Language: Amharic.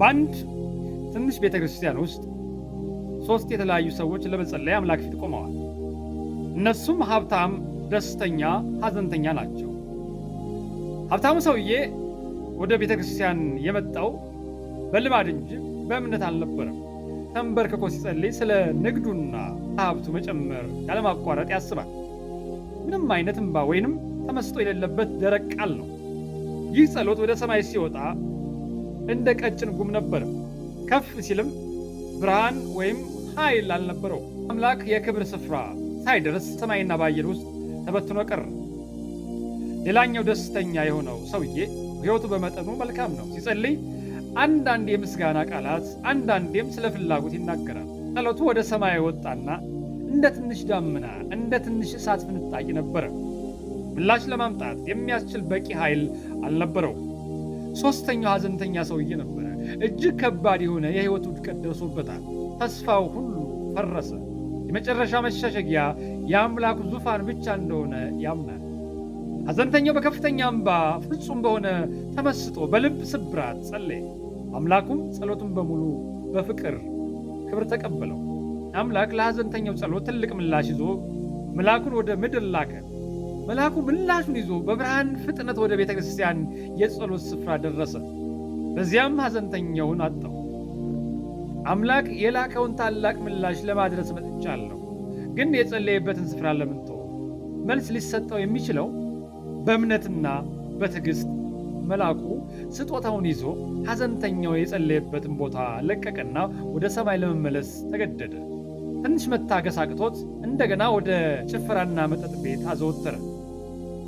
በአንድ ትንሽ ቤተ ክርስቲያን ውስጥ ሦስት የተለያዩ ሰዎች ለመጸለይ አምላክ ፊት ቆመዋል። እነሱም ሀብታም፣ ደስተኛ፣ ሐዘንተኛ ናቸው። ሀብታሙ ሰውዬ ወደ ቤተ ክርስቲያን የመጣው በልማድ እንጂ በእምነት አልነበረም። ተንበርክኮ ሲጸልይ ስለ ንግዱና ሀብቱ መጨመር ያለማቋረጥ ያስባል። ምንም አይነት እምባ ወይንም ተመስጦ የሌለበት ደረቅ ቃል ነው። ይህ ጸሎት ወደ ሰማይ ሲወጣ እንደ ቀጭን ጉም ነበር። ከፍ ሲልም ብርሃን ወይም ኃይል አልነበረው። አምላክ የክብር ስፍራ ሳይደርስ ሰማይና በአየር ውስጥ ተበትኖ ቀር። ሌላኛው ደስተኛ የሆነው ሰውዬ ሕይወቱ በመጠኑ መልካም ነው። ሲጸልይ አንዳንድ የምስጋና ቃላት፣ አንዳንዴም ስለ ፍላጎት ይናገራል። ጸሎቱ ወደ ሰማይ ወጣና እንደ ትንሽ ዳመና፣ እንደ ትንሽ እሳት ፍንጣቂ ነበረ። ምላሽ ለማምጣት የሚያስችል በቂ ኃይል አልነበረው። ሦስተኛው ሐዘንተኛ ሰውዬ ነበረ። እጅግ ከባድ የሆነ የህይወት ውድቀት ደርሶበታል። ተስፋው ሁሉ ፈረሰ። የመጨረሻ መሸሸጊያ የአምላኩ ዙፋን ብቻ እንደሆነ ያምናል። ሐዘንተኛው በከፍተኛ አምባ ፍጹም በሆነ ተመስጦ በልብ ስብራት ጸለየ። አምላኩም ጸሎቱን በሙሉ በፍቅር ክብር ተቀበለው። አምላክ ለሐዘንተኛው ጸሎት ትልቅ ምላሽ ይዞ መልአኩን ወደ ምድር ላከ። መልአኩ ምላሹን ይዞ በብርሃን ፍጥነት ወደ ቤተ ክርስቲያን የጸሎት ስፍራ ደረሰ። በዚያም ሐዘንተኛውን አጣው። አምላክ የላከውን ታላቅ ምላሽ ለማድረስ መጥቻለሁ፣ ግን የጸለየበትን ስፍራ ለምን መልስ ሊሰጠው የሚችለው በእምነትና በትዕግሥት። መልአኩ ስጦታውን ይዞ ሐዘንተኛው የጸለየበትን ቦታ ለቀቀና ወደ ሰማይ ለመመለስ ተገደደ። ትንሽ መታገስ አቅቶት እንደገና ወደ ጭፈራና መጠጥ ቤት አዘወተረ።